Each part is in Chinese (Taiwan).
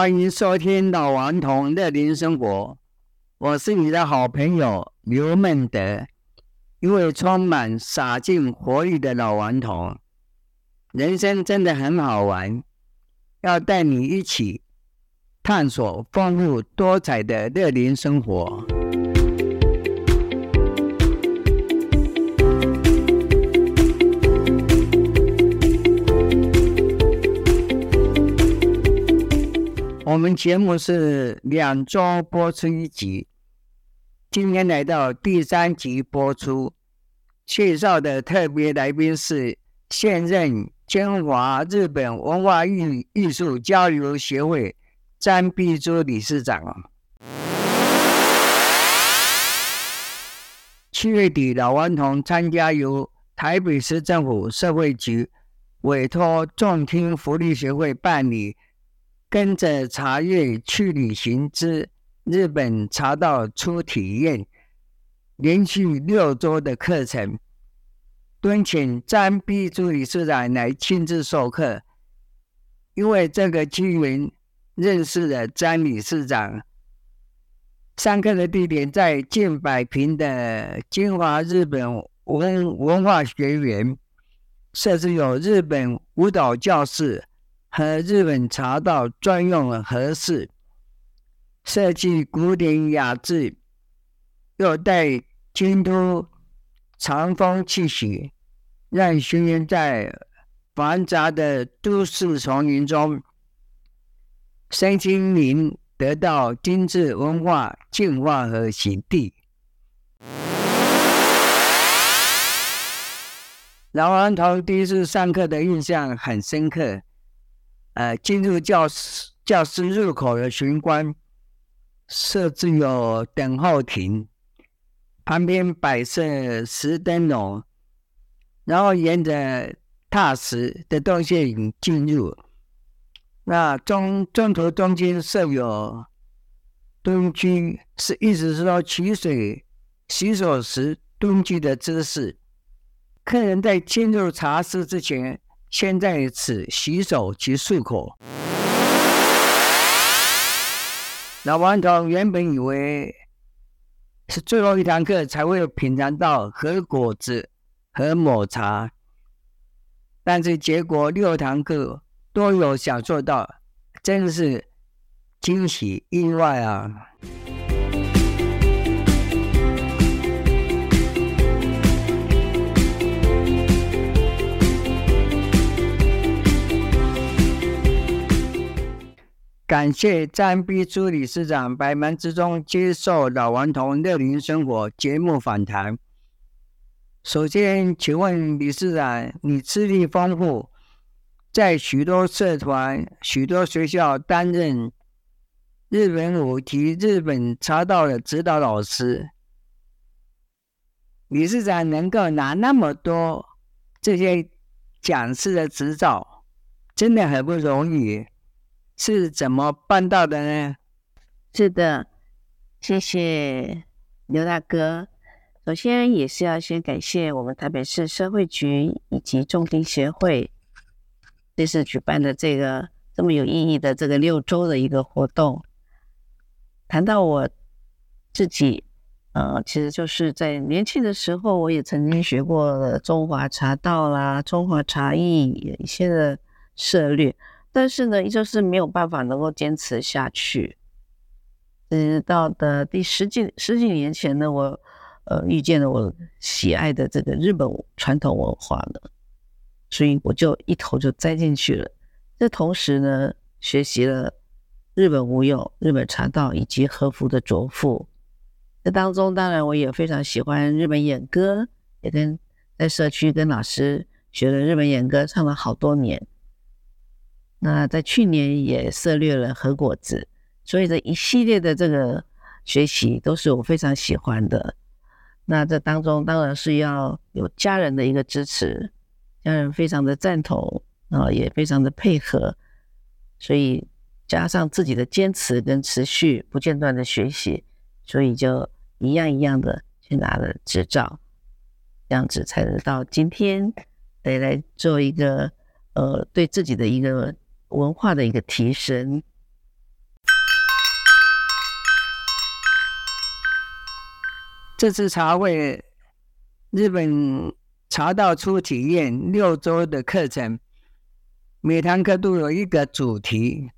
歡迎收聽《老頑童樂齡生活》，我是你的好朋友劉孟德，一位充滿灑進活力的老頑童。人生真的很好玩，要帶你一起探索豐富多彩的樂齡生活。我們節目是兩周播出一集，今天來到第三集播出。介紹的特別來賓是現任京華日本文化藝藝術交流協會張碧珠理事長。七月底老頑童參加由台北市政府社會局委託中聽福利協會辦理。跟着茶葉去旅行之日本茶道初體驗，連續六周的課程，敦請張碧珠理事長來親自授課。因為這個機緣認識了張理事長，上課的地點在近百平的京華日本文文化學院，設置有日本舞蹈教室，和日本茶道專用的和室，設計古典雅致，又帶京都長風氣息，讓學員在繁雜的都市叢林中，身心靈得到精致文化淨化和洗滌。 老頑童第一次上課的印象很深刻。呃，進入教室，教室入口的玄關設置有等候亭，旁邊擺設石燈籠，然後沿着踏石的動線進入。那中中途中間設有蹲踞，是意思是說，取水、洗手時蹲踞的姿勢。客人在進入茶室之前，先在此洗手及漱口。老頑童原本以為是最後一堂課才會品嘗到和果子和抹茶，但是結果六堂課都有享受到，真是驚喜意外啊！感謝張碧珠理事長百忙之中接受《老頑童樂齡生活》節目訪談。首先，請問理事長，你資歷豐富，在許多社團、許多學校擔任日本舞及日本茶道的指導老師。理事長能夠拿那麼多這些講師的執照，真的很不容易。是怎麼辦到的呢？是的，謝謝劉大哥。首先也是要先感謝我們台北市社會局以及中壢協會，這次舉辦的這個這麼有意義的這個六周的一個活動。談到我自己，呃，其實就是在年輕的時候，我也曾經學過中華茶道啦、中華茶藝有一些的涉獵。但是呢，依舊是沒有辦法能夠堅持下去。直到的第十幾十幾年前呢，我呃遇見了我喜愛的這個日本傳統文化呢，所以我就一頭就栽進去了。這同時呢，學習了日本舞踊、日本茶道以及和服的着服。這當中當然我也非常喜歡日本演歌，也跟在社區跟老師學了日本演歌唱了好多年。那在去年也涉獵了和果子，所以這一系列的這個學習都是我非常喜歡的。那這當中當然是要有家人的一個支持，家人非常的贊同，然後也非常的配合，所以加上自己的堅持跟持續不間斷的學習，所以就一樣一樣的去拿了執照，這樣子才能到今天得來做一個呃對自己的一個。文化的一個提升。這次茶會，日本茶道初體驗六週的課程，每堂課都有一個主題，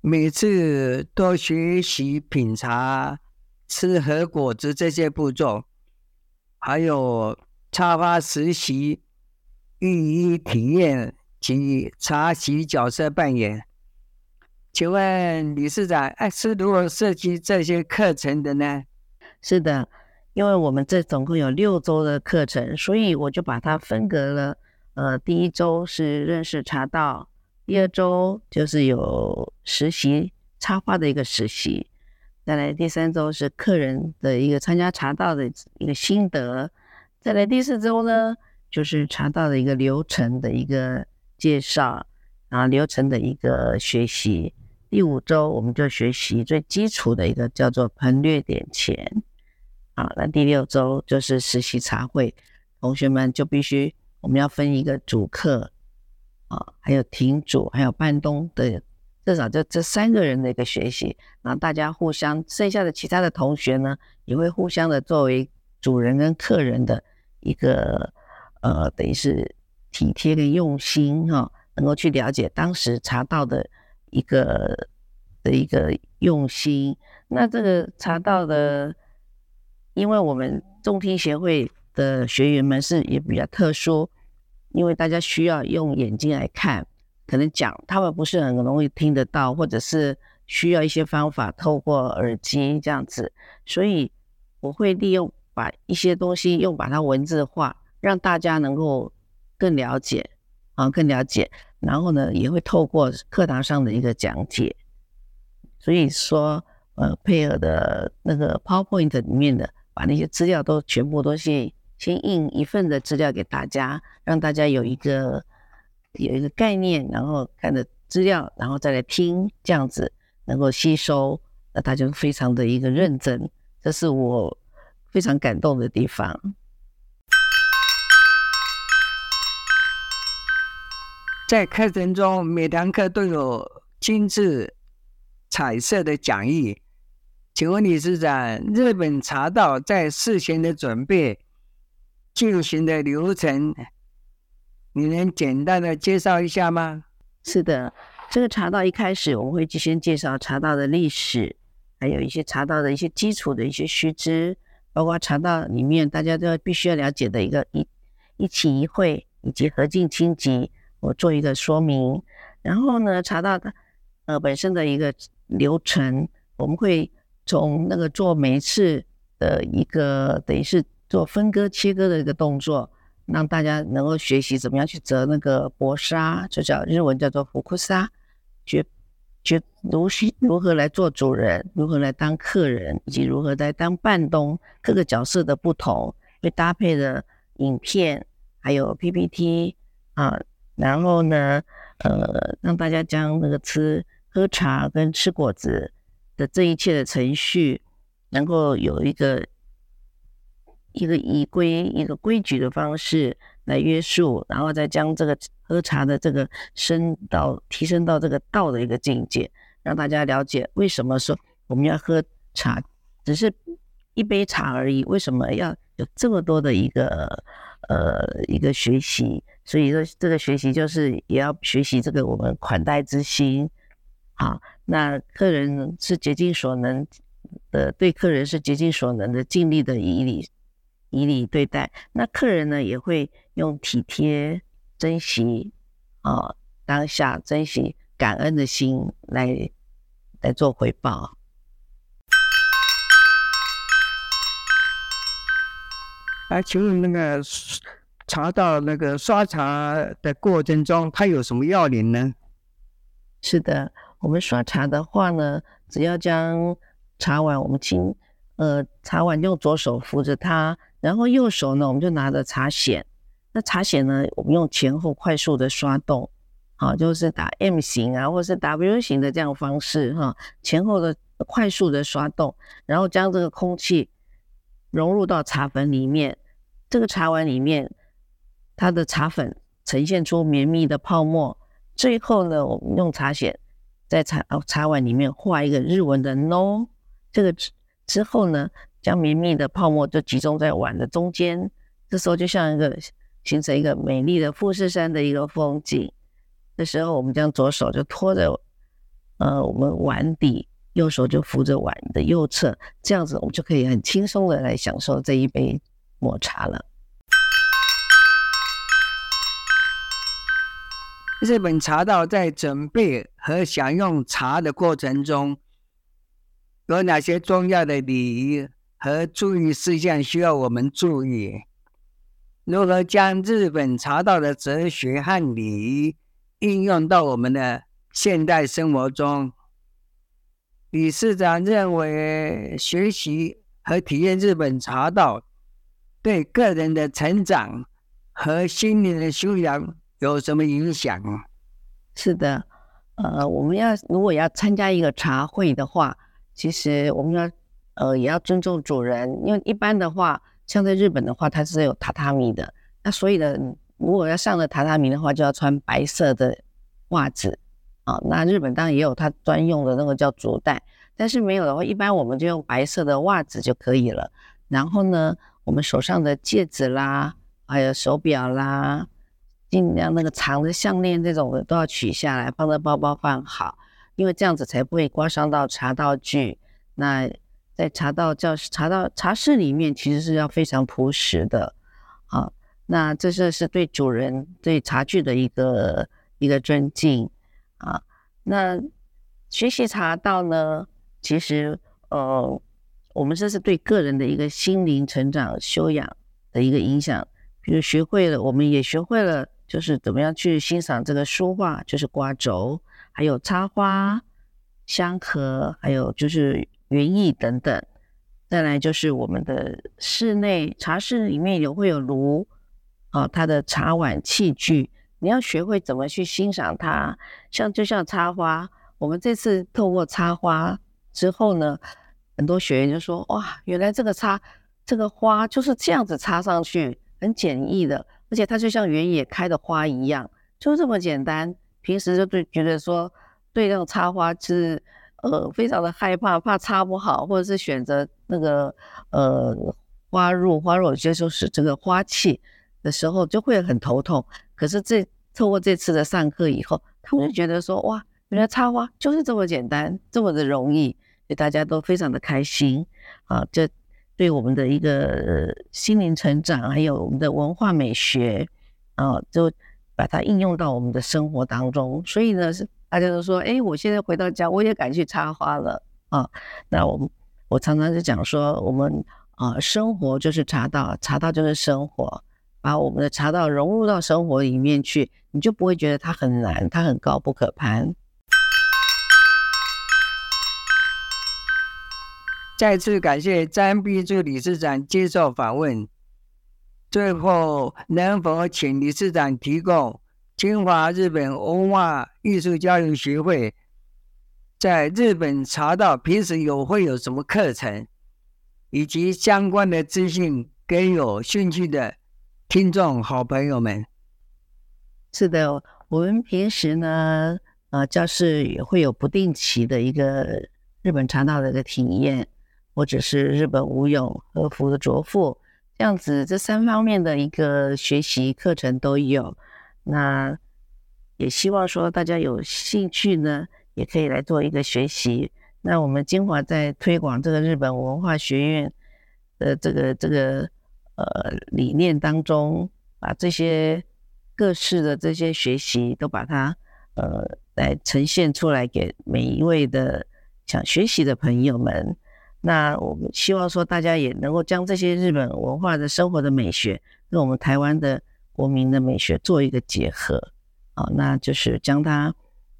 每次多學習品茶、吃和果子這些步驟，還有插花實習、浴衣體驗。請你茶席角色扮演，請問理事長，哎，是如何設計這些課程的呢？是的，因為我們這總共有六週的課程，所以我就把它分隔了。呃，第一週是認識茶道，第二週就是有實習插花的一個實習，再來第三週是客人的一個參加茶道的一個心得，再來第四週呢，就是茶道的一個流程的一個。介紹，然後流程的一個學習。第五週我們就學習最基礎的一個叫做“盆略點前”。啊，那第六週就是實習茶會，同學們就必須我們要分一個主客，啊，還有亭主，還有半東的，至少就這三個人的一個學習。然後大家互相，剩下的其他的同學呢，也會互相的作為主人跟客人的一個，呃，等於是。體貼跟用心哈、哦，能夠去了解當時茶道的一個的一個用心。那這個茶道的，因為我們重聽協會的學員們是也比較特殊，因為大家需要用眼睛來看，可能講他們不是很容易聽得到，或者是需要一些方法透過耳機這樣子，所以我會利用把一些東西用把它文字化，讓大家能夠。更了解啊，更了解，然後呢，也會透過課堂上的一個講解，所以說，呃，配合的那個 PowerPoint 裡面的，把那些資料都全部都先先印一份的資料給大家，讓大家有一個有一個概念，然後看着資料，然後再來聽，這樣子能夠吸收，那，呃，他就非常的一個認真，這是我非常感動的地方。在課程中，每堂課都有精緻、彩色的講義。請問理事長，日本茶道在事前的準備、進行的流程，你能簡單的介紹一下嗎？是的，這個茶道一開始我們會先介紹茶道的歷史，還有一些茶道的一些基礎的一些須知，包括茶道裡面大家都必須要了解的一個一一期一會以及和敬清寂。我做一個說明，然後呢，茶道它，呃，本身的一個流程，我們會從那個做每一次的一個等於是做分割切割的一個動作，讓大家能夠學習怎麼樣去折那個薄紗，就叫日文叫做袱紗，學，學如何如何來做主人，如何來當客人，以及如何來當半東，各個角色的不同會搭配的影片，還有 PPT 啊。然後呢，呃，讓大家將那個吃喝茶跟吃果子的這一切的程序，能夠有一個一個以規一個規矩的方式來約束，然後再將這個喝茶的這個升到提升到這個道的一個境界，讓大家了解為什麼說我們要喝茶，只是一杯茶而已，為什麼要有這麼多的一個呃一個學習？所以說，這個學習就是也要學習這個我們款待之心啊。那客人是竭盡所能的，對客人是竭盡所能的，盡力的以禮以禮對待。那客人呢，也會用體貼、珍惜啊當下、珍惜、哦、珍惜感恩的心來來做回報。啊，其實那個。茶道那個刷茶的過程中，它有什麼要領呢？是的，我們刷茶的話呢，只要將茶碗我們輕，呃，茶碗用左手扶着它，然後右手呢，我們就拿着茶筅。那茶筅呢，我們用前後快速的刷動，好、啊，就是打 M 型啊，或是 W 型的這樣方式哈、啊，前後的快速的刷動，然後將這個空氣融入到茶粉裡面，這個茶碗裡面。它的茶粉呈現出綿密的泡沫，最後呢，我們用茶筅在茶哦茶碗裡面畫一個日文的 no，這個之之後呢，將綿密的泡沫就集中在碗的中間，這時候就像一個形成一個美麗的富士山的一個風景。這時候，我們將左手就托着呃我們碗底，右手就扶着碗的右側，這樣子我們就可以很輕鬆的來享受這一杯抹茶了。日本茶道在準備和享用茶的過程中，有哪些重要的禮儀和注意事項需要我們注意？如何將日本茶道的哲學和禮儀應用到我們的現代生活中？理事長認為，學習和體驗日本茶道對個人的成長和心靈的修養有什麼影響嗎？啊？是的，呃，我們要如果要參加一個茶會的話，其實我們要呃也要尊重主人，因為一般的話，像在日本的話，它是有榻榻米的，那所以呢，如果要上了榻榻米的話，就要穿白色的襪子啊，哦。那日本當然也有它專用的那個叫足袋，但是沒有的話，一般我們就用白色的襪子就可以了。然後呢，我們手上的戒指啦，還有手錶啦。盡量那個長的項鏈這種的都要取下來，放在包包放好，因為這樣子才不會刮傷到茶道具。那在茶道教室、茶道茶室裡面，其實是要非常樸實的，啊，那這是是對主人對茶具的一個一個尊敬啊。那學習茶道呢，其實呃，我們這是對個人的一個心靈成長修養的一個影響，比如學會了，我們也學會了。就是怎麼樣去欣賞這個書畫，就是掛軸，還有插花、香盒，還有就是園藝等等。再來就是我們的室內茶室裡面也會有爐，啊，它的茶碗器具，你要學會怎麼去欣賞它。像就像插花，我們這次透過插花之後呢，很多學員就說，哇，原來這個插這個花就是這樣子插上去，很簡易的。而且它就像原野開的花一樣，就這麼簡單。平時就對覺得說，對這種插花是，呃，非常的害怕，怕插不好，或者是選擇那個呃花入花入，有些時候就是這個花器，的時候就會很頭痛。可是這透過這次的上課以後，他們就覺得說，哇，原來插花就是這麼簡單，這麼的容易，所以大家都非常的開心啊！這。對我們的一個心靈成長，還有我們的文化美學啊，就把它應用到我們的生活當中。所以呢，是大家都說，哎、欸，我現在回到家，我也敢去插花了啊。那我們我常常就講說，我們啊，生活就是茶道，茶道就是生活，把我們的茶道融入到生活裡面去，你就不會覺得它很難，它很高不可攀。再次感謝張碧珠理事長接受訪問。最後，能否請理事長提供京華日本文化藝術交流協會在日本茶道平時有會有什麼課程，以及相關的資訊給有興趣的聽眾好朋友們？是的，我們平時呢，呃，教、就、室、是、會有不定期的一個日本茶道的一個體驗。或者是日本舞踊、和服的着服，這樣子，這三方面的一個學習課程都有。那也希望說大家有興趣呢，也可以來做一個學習。那我們京華在推廣這個日本文化學院的這個這個呃理念當中，把這些各式的這些學習都把它呃來呈現出來，給每一位的想學習的朋友們。那我們希望說，大家也能夠將這些日本文化的生活的美學，跟我們台灣的國民的美學做一個結合，哦，啊，那就是將它，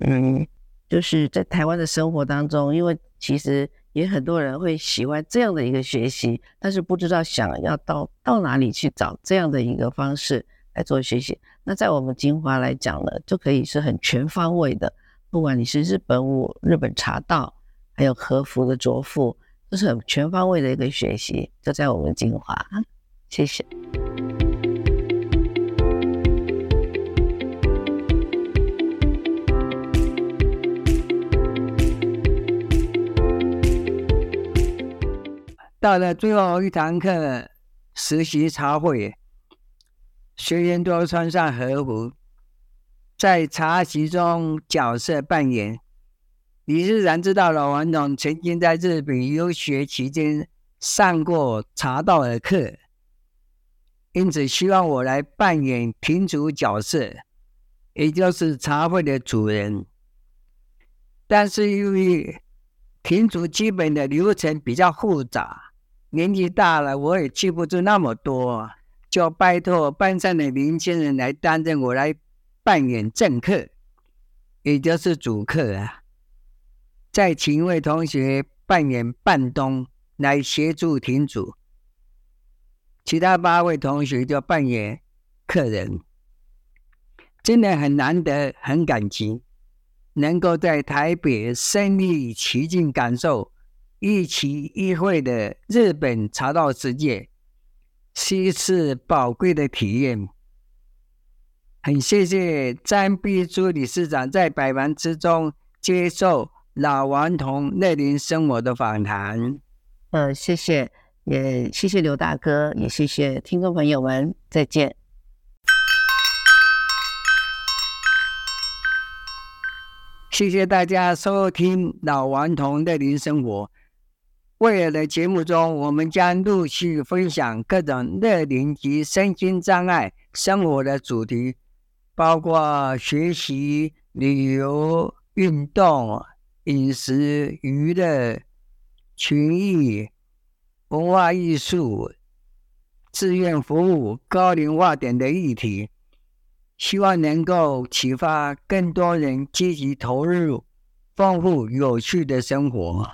嗯，就是在台灣的生活當中，因為其實也很多人會喜歡這樣的一個學習，但是不知道想要到到哪裡去找這樣的一個方式來做學習。那在我們京華來講呢，就可以是很全方位的，不管你是日本舞、日本茶道，還有和服的着服。就是很全方位的一個學習，就在我們京華。謝謝。到了最後一堂課，實習茶會，學員都穿上和服，在茶席中角色扮演。你自然知道老王總曾經在日本留學期間上過茶道的課，因此希望我來扮演亭主角色，也就是茶會的主人。但是由於亭主基本的流程比較複雜，年紀大了，我也記不住那麼多，就拜託班上的年輕人來擔任，我來扮演正客，也就是主客啊。再請一位同學扮演半東，來協助亭主；其他八位同學就扮演客人。真的很難得，很感激能夠在台北身歷其境感受一期一會的日本茶道世界，是一次寶貴的體驗。很謝謝張碧珠理事長在百忙之中接受。老頑童樂齡生活的訪談。呃，謝謝，也謝謝劉大哥，也謝謝聽眾朋友們，再見。謝謝大家收聽《老頑童樂齡生活》。未來的節目中，我們將陸續分享各種樂齡及身心障礙生活的主題，包括學習、旅遊、運動。飲食、娛樂、群藝、文化藝術、志願服務、高齡化等的議題，希望能夠啟發更多人積極投入豐富有趣的生活。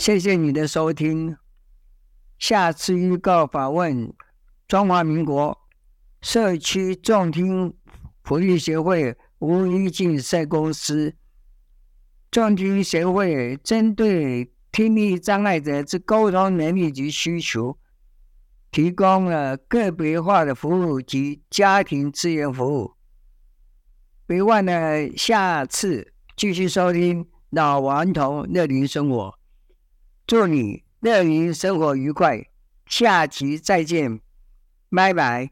謝謝你的收聽，下次預告訪問中華民國社區重聽福利協會吳玉進社工師。重聽協會針對聽力障礙者之溝通能力及需求，提供了個別化的服務及家庭資源服務。別忘了下次繼續收聽老頑童樂齡生活。祝你樂於生活愉快，下期再見，拜拜。